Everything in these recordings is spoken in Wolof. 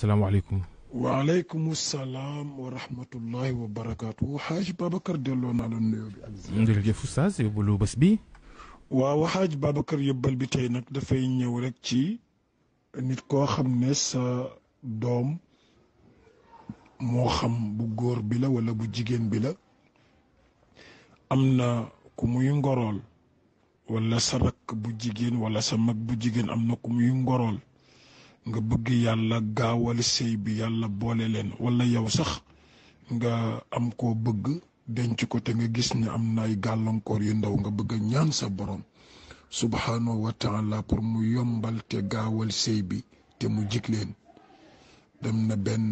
السلام عليكم وعليكم السلام ورحمة الله وبركاته حاج بابكر ديالونا للنيوب ندير لك فوساز يقولوا بس بي واو حاج بابكر يبل بتينك دا فاي تي نيت كو خم نيس دوم مو خم بو غور بلا ولا بو جيجين بلا امنا كوموي نغورول ولا سرك بو جيجين ولا سمك بو جيجين امنا كوموي نغورول nga bëgg yàlla gaawal sëy bi yàlla boole leen walla yow sax nga am ko bëgg denc ko te nga gis ne am na ay gàllankoor yu ndaw nga bëgg a ñaan sa borom subhanahu wa taala pour mu yombal te gaawal sëy bi te mu jig leen dem na benn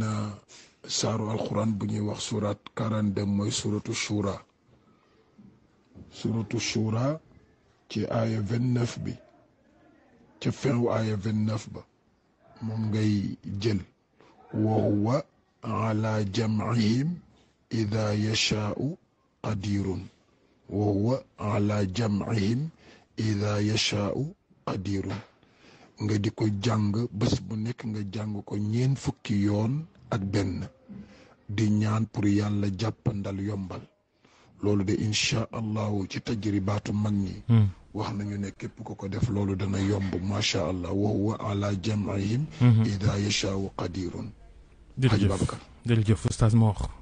saaru alxuraan bu ñuy wax surat 42 mooy suratu shura suratu shura ci aaya 29 bi ca fin wu aaya 29 ba moom ngay jël wa huwa ala jamcihim ida yashaau qadirun wa huwa ala jamcihim yashaau qadirun nga di ko jàng bés bu nekk nga jàng ko ñeen fukki yoon ak benn di ñaan pour yàlla jàppandal yombal loolu de insha allah ci tajribatu magni wax nañu ne kep ko ko def loolu dana yomb ma sha allah wa huwa ala jam'ihim idha yasha qadirun jërëjëf jërëjëf oustaz Mor